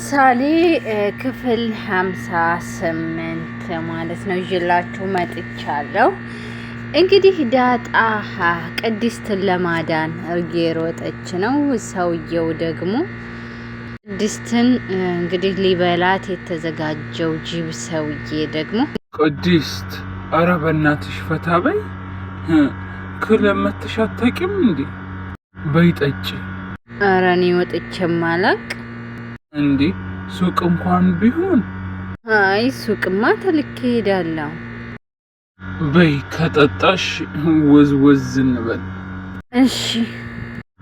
ምሳሌ ክፍል ሀምሳ ስምንት ማለት ነው ይዤላችሁ መጥቻለሁ። እንግዲህ ዳጣ ቅድስትን ለማዳን እየሮጠች ነው። ሰውየው ደግሞ ቅድስትን እንግዲህ ሊበላት የተዘጋጀው ጅብ ሰውዬ ደግሞ ቅድስት፣ ኧረ በእናትሽ ፈታ በይ ክለመትሽ አታውቂም እንዴ? በይ ጠጪ። ኧረ እኔ ወጥቼም አላውቅ እንዴ ሱቅ እንኳን ቢሆን አይ ሱቅማ ተልኬ ሄዳለሁ። በይ ከጠጣሽ ወዝወዝ እንበል። እሺ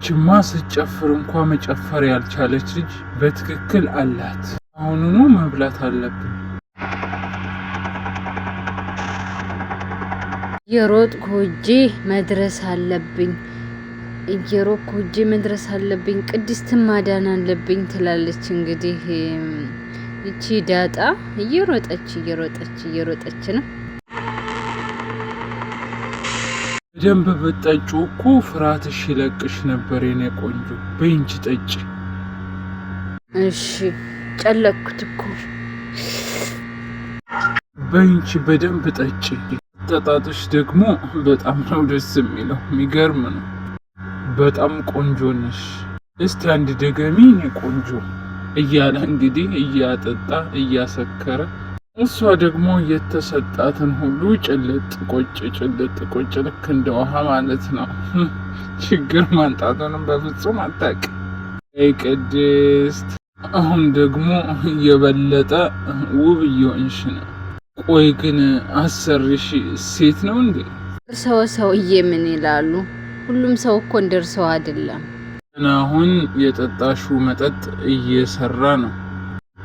ችማ ስጨፍር እንኳ መጨፈር ያልቻለች ልጅ በትክክል አላት። አሁኑኑ መብላት አለብን። የሮጥ ኮጂ መድረስ አለብኝ። እየሮኩ እጄ መድረስ አለብኝ፣ ቅድስትን ማዳን አለብኝ ትላለች። እንግዲህ ይቺ ዳጣ እየሮጠች እየሮጠች እየሮጠች ነው። በደንብ ብትጠጩ እኮ ፍርሃትሽ ይለቅሽ ነበር የኔ ቆንጆ። በይንቺ ጠጭ። እሺ ጨለኩት እኮ። በይንቺ በደንብ ጠጭ ጠጣጥሽ ደግሞ በጣም ነው ደስ የሚለው። የሚገርም ነው። በጣም ቆንጆ ነሽ፣ እስቲ አንድ ደገሚ እኔ ቆንጆ እያለ እንግዲህ እያጠጣ እያሰከረ እሷ ደግሞ የተሰጣትን ሁሉ ጭልጥ ቆጭ ጭልጥ ቆጭ ልክ እንደ ውሃ ማለት ነው። hm ችግር ማንጣቱንም በፍጹም አታውቅም። አይ ቅድስት፣ አሁን ደግሞ የበለጠ ውብ እየሆንሽ ነው። ቆይ ግን አሰሪሽ ሴት ነው እንዴ? ሰው ሰውዬ ምን ይላሉ? ሁሉም ሰው እኮ እንደርሰው አይደለም። አሁን የጠጣሹ መጠጥ እየሰራ ነው።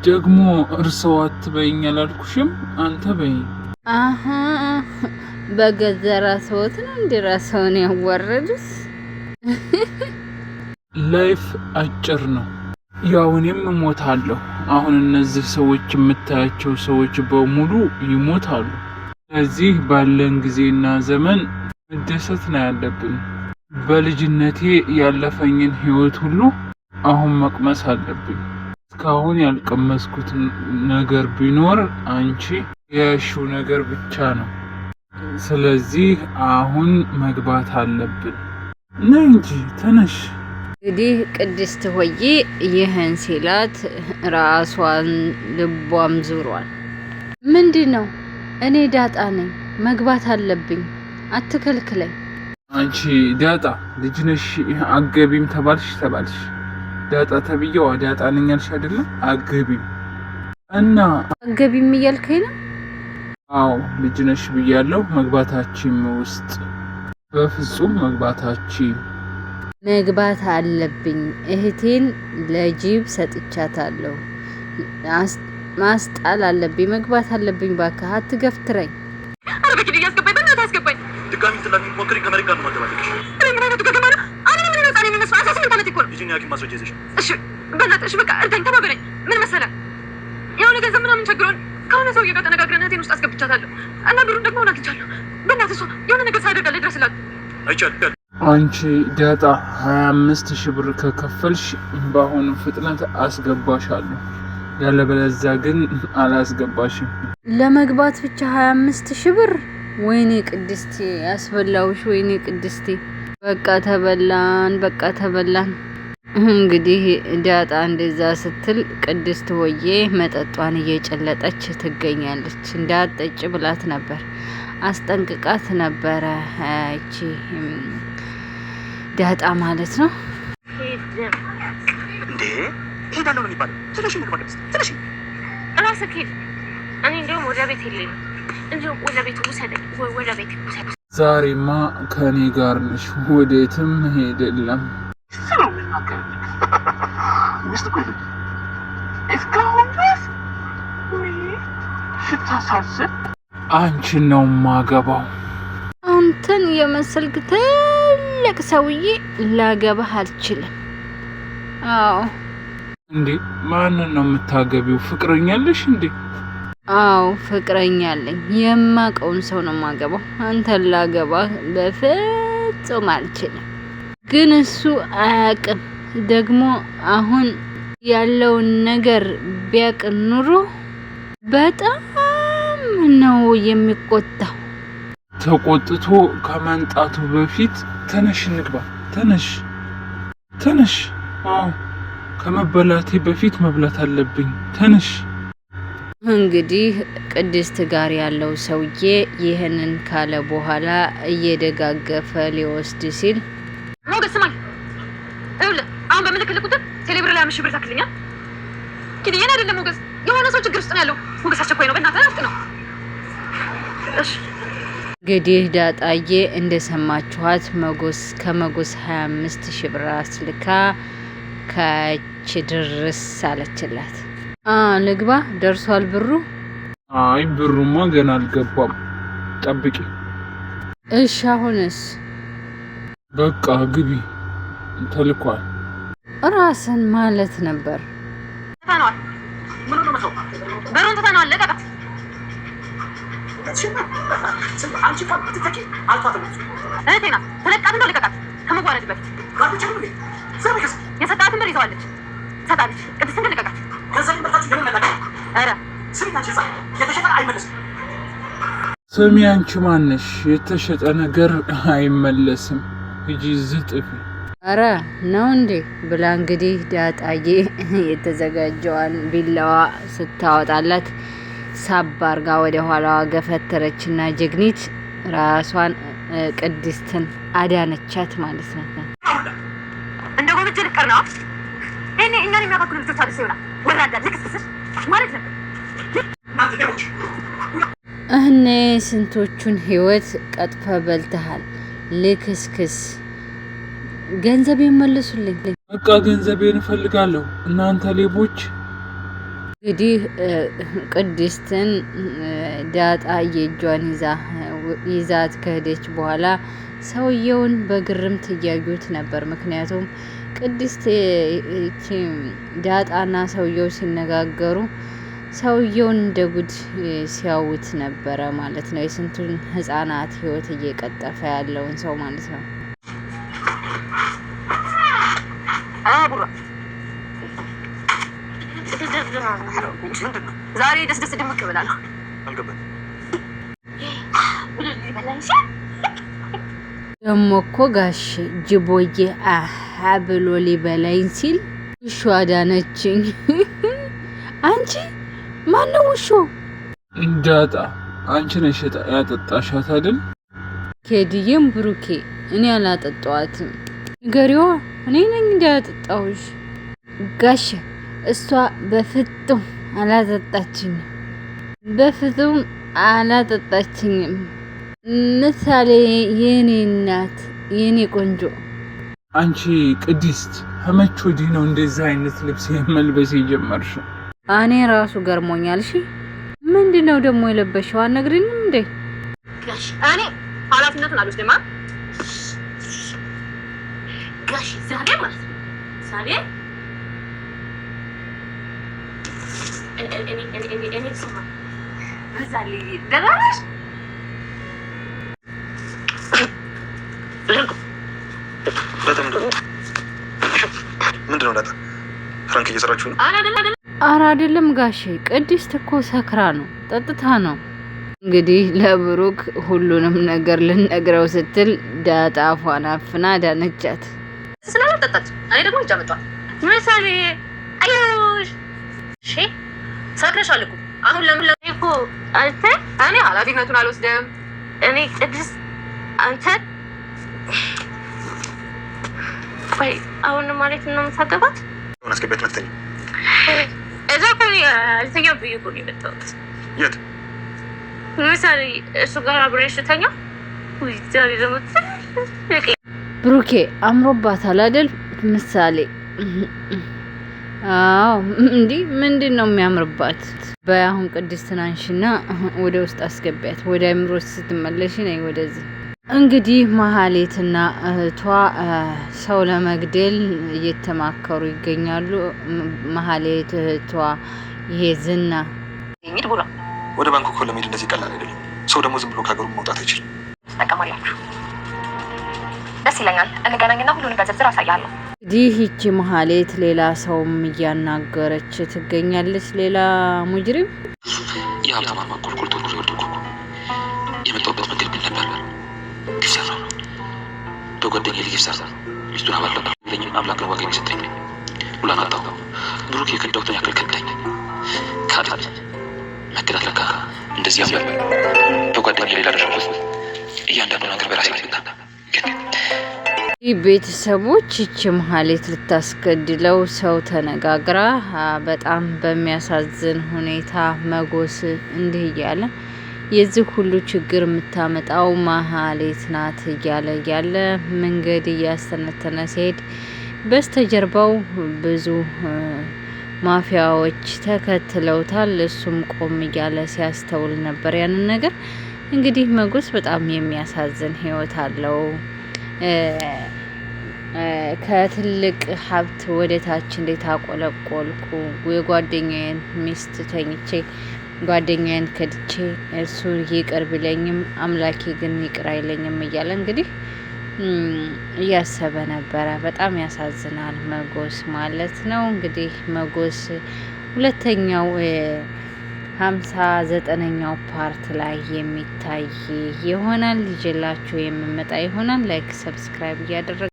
ደግሞ እርሰው አትበይኝ አላልኩሽም? አንተ በይ። አሀ በገዛ ራስዎት ነው እንደ ያዋረዱት። ላይፍ አጭር ነው። ያው እኔም እሞታለሁ። አሁን እነዚህ ሰዎች የምታያቸው ሰዎች በሙሉ ይሞታሉ። ስለዚህ ባለን ጊዜና ዘመን መደሰት ነው ያለብን። በልጅነቴ ያለፈኝን ህይወት ሁሉ አሁን መቅመስ አለብኝ። እስካሁን ያልቀመስኩት ነገር ቢኖር አንቺ የያሹ ነገር ብቻ ነው። ስለዚህ አሁን መግባት አለብን። ነይ እንጂ ተነሽ። እንግዲህ ቅድስት ሆዬ ይህን ሲላት ራሷን ልቧም ዙሯል። ምንድን ነው? እኔ ዳጣ ነኝ፣ መግባት አለብኝ፣ አትከልክለኝ አንቺ ዳጣ ልጅ ነሽ አገቢም ተባልሽ ተባልሽ ዳጣ ተብዬዋ ዳጣ ነኝ አልሽ አይደለም አገቢም እና አገቢም እያልከኝ ነው አዎ ልጅ ነሽ ብያለሁ ውስጥ በፍጹም መግባታችን መግባት አለብኝ እህቴን ለጅብ ሰጥቻታለሁ ማስጣል አለብኝ መግባት አለብኝ ባካ አትገፍትረኝ ድጋሚ ትላፊ ሞክሪ ከመሬት ጋር ነው ማገባለሽ። ምን አይነቱ ከተማ ነው? አሁን ምን ነው ጻኔ ምን መስፋት አሰብ ማለት እኮ ነው። ልጅን ያኪም ማስወጀ ይዘሽ እሺ፣ በእናትሽ በቃ እርዳኝ፣ ተባበረኝ። ምን መሰለህ የሆነ ገንዘብ ምናምን ቸግሮን ከሆነ ሰውዬ ጋር ተነጋግረን እህቴን ውስጥ አስገብቻታለሁ እና ብሩን ደግሞ ሆን አግኝቻለሁ። በእናትህ እሷ የሆነ ነገር ሳያደርጋለ ድረስላት አይቻል አንቺ ዳጣ 25 ሺህ ብር ከከፈልሽ በአሁኑ ፍጥነት አስገባሻለሁ፣ ያለበለዚያ ግን አላስገባሽም። ለመግባት ብቻ 25 ሺህ ብር ወይኔ ቅድስቴ ያስበላውሽ፣ ወይኔ ቅድስቴ። በቃ ተበላን፣ በቃ ተበላን። እንግዲህ ዳጣ እንደዛ ስትል ቅድስት ወዬ መጠጧን እየጨለጠች ትገኛለች። እንዳጠጭ ብላት ነበር፣ አስጠንቅቃት ነበረ። እቺ ዳጣ ማለት ነው እንዴ ሄዳለሁ ነው የሚባለው። ትንሽ ምግብ ቅድስት፣ ትንሽ ራስህ ሄድ። እኔ እንደውም ወደ ቤት ሄድ ዛሬማ ከኔ ጋር ነሽ፣ ወዴትም ሄደለም የለም። አንቺን ነው ማገባው። አንተን የመሰልክ ትልቅ ሰውዬ ላገባህ አልችልም። አዎ እንዴ፣ ማንን ነው የምታገቢው? ፍቅረኛለሽ እንዴ? አዎ ፍቅረኛ አለኝ። የማቀውን ሰው ነው የማገባው አንተን ላገባ በፍጹም አልችልም። ግን እሱ አያቅም። ደግሞ አሁን ያለውን ነገር ቢያቅ ኑሮ በጣም ነው የሚቆጣው። ተቆጥቶ ከመንጣቱ በፊት ተነሽ እንግባ፣ ተነሽ፣ ተነሽ። አዎ ከመበላቴ በፊት መብላት አለብኝ። ተነሽ እንግዲህ ቅድስት ጋር ያለው ሰውዬ ይህንን ካለ በኋላ እየደጋገፈ ሊወስድ ሲል ሞገስ ስማኝ፣ ይኸውልህ አሁን በምልክልህ ቁጥር ቴሌብር ላይ አምሽ ብር ታክልኛል። ግን ይህን አይደለም ሞገስ፣ የሆነ ሰው ችግር ውስጥ ነው ያለው። ሞገስ አስቸኳይ ነው፣ በእናትህ ረፍት ነው። እሺ እንግዲህ ዳጣዬ እንደሰማችኋት መጎስ ከመጎስ 25 ሺህ ብር አስልካ ከች ድርስ አለችላት። ልግባ። ደርሷል ብሩ? አይ ብሩማ ገና አልገባም፣ ጠብቂ። እሺ አሁንስ? በቃ ግቢ፣ ተልኳል። ራስን ማለት ነበር። ብሩን ትተነዋል፣ ልቀቃት። እህቴ ነው ልቀቃት። ከመዋረድ በፊት የሰጣትን ብር ይዘዋለች። ሰጣለች። ቅድስት ልቀቃት ስሚ አንቺ ማነሽ? የተሸጠ ነገር አይመለስም። ሂጂ ዝጥፊ። አረ ነው እንዴ ብላ እንግዲህ ዳጣዬ የተዘጋጀዋን ቢላዋ ስታወጣላት ሳባ አርጋ ወደ ኋላዋ ገፈተረችና ጀግኒት ራሷን ቅድስትን አዳነቻት ማለት ነው። እንደ ጎብጅ ልቀር ነው እኔ እኛን የሚያባክሉ ልጆች አለ ሲሆናል ወራዳ እህኔ ስንቶቹን ህይወት ቀጥፈ በልተሃል። ልክስክስ ገንዘቤን መልሱልኝ። በቃ ገንዘቤን እፈልጋለሁ እናንተ ሌቦች። እንግዲህ ቅድስትን ዳጣ የእጇን ይዛት ከሄደች በኋላ ሰውየውን በግርምት እያዩት ነበር። ምክንያቱም ቅድስት ይቺ ዳጣና ሰውየው ሲነጋገሩ ሰውየውን እንደ ጉድ ሲያውት ነበረ ማለት ነው። የስንቱን ህጻናት ህይወት እየቀጠፈ ያለውን ሰው ማለት ነው። ዛሬ ደስ ደስ ድምቅ ብላለሁ እሞኮ ጋሽ ጅቦዬ አሀ ብሎ ሊበላኝ ሲል ውሾ አዳነችኝ። አንቺ ማነው ውሾ? እንዳጣ አንቺ ነሽ ያጠጣሻት አይደል? ኬድዬም ብሩኬ እኔ አላጠጣዋትም። ንገሪዋ እኔ ነኝ እንዳያጠጣሁሽ። ጋሽ እሷ በፍጡም አላጠጣችኝም፣ በፍጹም አላጠጣችኝም። ምሳሌ የኔ እናት የኔ ቆንጆ፣ አንቺ ቅድስት ከመቾ ወዲህ ነው እንደዚህ አይነት ልብስ የመልበስ የጀመርሽ? እኔ ራሱ ገርሞኛል። እሺ ምንድን ነው ደግሞ የለበሽው? አትነግሪንም እንዴ? እኔ ኃላፊነቱን አልወስድም። ጋሽ ዛሬ ማለት ነው ዛሬ እኔ እኔ እኔ እኔ ምንድን አይደለም ጋሼ፣ ቅድስት እኮ ሰክራ ነው ጠጥታ ነው። እንግዲህ ለብሩክ ሁሉንም ነገር ልነግረው ስትል ዳጣ አፏን አፍና ዳነቻት። እኔ ደግሞ እጃ መጧል። ምሳሌ አዮሽ ሺ ሰክረሻል እኮ አሁን ለምን ለምን እኮ አንተ እኔ ኃላፊነቱን አልወስደም እኔ ቅድስት አንተ ቆይ አሁን ማለት ነው የምታገባት? አስገቢያት መተኝ እዛ እኮ አልተኛ ብዬሽ እኮ ነው የመጣሁት። የት ምሳሌ እሱ ጋር አብረሽ ተኛ። ዛሬ ደግሞ ብሩኬ አምሮባታል አይደል? ምሳሌ አዎ እንዲህ ምንድን ነው የሚያምርባት? በይ አሁን ቅድስትን አንሺና ወደ ውስጥ አስገቢያት። ወደ አይምሮች ስትመለሽ ነይ ወደዚህ እንግዲህ መሀሌትና እህቷ ሰው ለመግደል እየተማከሩ ይገኛሉ። መሀሌት እህቷ ይሄ ዝና ወደ ባንኩ እኮ ለመሄድ እንደዚህ ቀላል አይደለም። ሰው ደግሞ ዝም ብሎ ከሀገሩ መውጣት አይችልም። ትጠቀማላችሁ። ደስ ይለኛል። እንገናኝና ሁሉን በዝርዝር አሳያለሁ። እንግዲህ ይቺ መሀሌት ሌላ ሰውም እያናገረች ትገኛለች። ሌላ ሙጅሪም የሀብታማ ማቆልቆልቶ ተጓደኝ ልይፍ ሰር ሚስቱን አባል አምላክ ነው ዋጋ የሚሰጠኝ ሁላ ናጣሁ ብሩክ የከዳሁትን ያክል ከዳኝ። ካደኝ መከዳት ለካ እንደዚህ ያምናል። ተጓደኝ የሌላ ደረስ እያንዳንዱ ነገር በራሴ ይመጣ ቤተሰቦች ይቺ መሀሌት ልታስገድለው ሰው ተነጋግራ በጣም በሚያሳዝን ሁኔታ መጎስ እንዲህ እያለ የዚህ ሁሉ ችግር የምታመጣው ማህሌት ናት እያለ እያለ መንገድ እያስተነተነ ሲሄድ በስተጀርባው ብዙ ማፊያዎች ተከትለውታል። እሱም ቆም እያለ ሲያስተውል ነበር ያንን ነገር። እንግዲህ መጉስ በጣም የሚያሳዝን ህይወት አለው። ከትልቅ ሀብት ወደ ታች እንዴት አቆለቆልኩ የጓደኛዬን ሚስት ተኝቼ ጓደኛዬን ከድቼ እሱ ይቅር ቢለኝም አምላኬ ግን ይቅር አይለኝም እያለ እንግዲህ እያሰበ ነበረ። በጣም ያሳዝናል መጎስ ማለት ነው። እንግዲህ መጎስ ሁለተኛው ሀምሳ ዘጠነኛው ፓርት ላይ የሚታይ ይሆናል። ይዤላችሁ የምመጣ ይሆናል። ላይክ ሰብስክራይብ እያደረገ